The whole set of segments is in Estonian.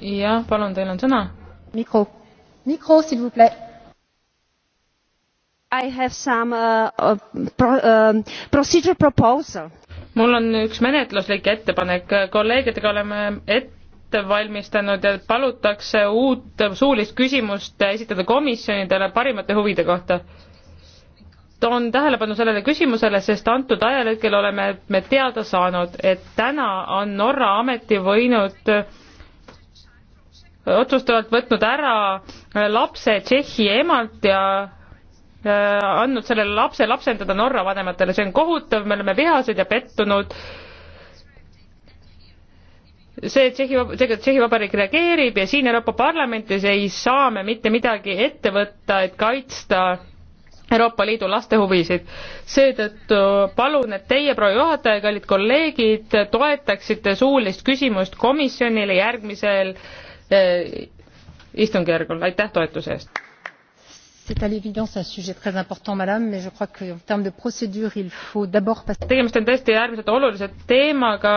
jah, palun, teil on sõna. mikro, mikro, s'il vous plait. I have some uh, uh, pro, uh, procedure proposal. mul on üks menetluslik ettepanek, kolleegidega oleme ette valmistanud ja palutakse uut suulist küsimust esitada komisjonidele parimate huvide kohta toon tähelepanu sellele küsimusele, sest antud ajahetkel oleme me teada saanud, et täna on Norra ameti võinud otsustavalt võtnud ära äh, lapse Tšehhi emalt ja äh, andnud sellele lapse lapsendada Norra vanematele, see on kohutav, me oleme vihased ja pettunud. see Tšehhi, Tšehhi Vabariik reageerib ja siin Euroopa Parlamendis ei saa me mitte midagi ette võtta, et kaitsta Euroopa Liidu laste huvisid. seetõttu palun, et teie, proua juhataja, kallid kolleegid, toetaksite suulist küsimust komisjonile järgmisel Äh, istungjärgul, aitäh toetuse eest! c'est à l'évidence un sujet très important madame mais je crois qu'en termes de procédure il faut d'abord passer tegemist on tõesti äärmiselt olulise teemaga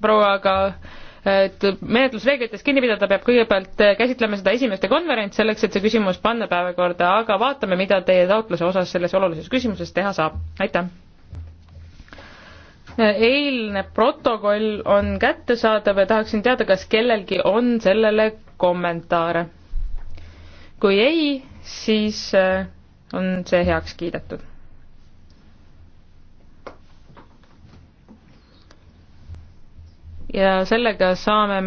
proua aga äh, et menetlusreeglitest kinni pidada peab kõigepealt äh, käsitlema seda esimeste konverents selleks et see küsimus panna päevakorda aga vaatame mida teie taotluse osas selles olulises küsimuses teha saab aitäh eilne protokoll on kättesaadav ja tahaksin teada, kas kellelgi on sellele kommentaare. kui ei, siis äh, on see heaks kiidetud. ja sellega saame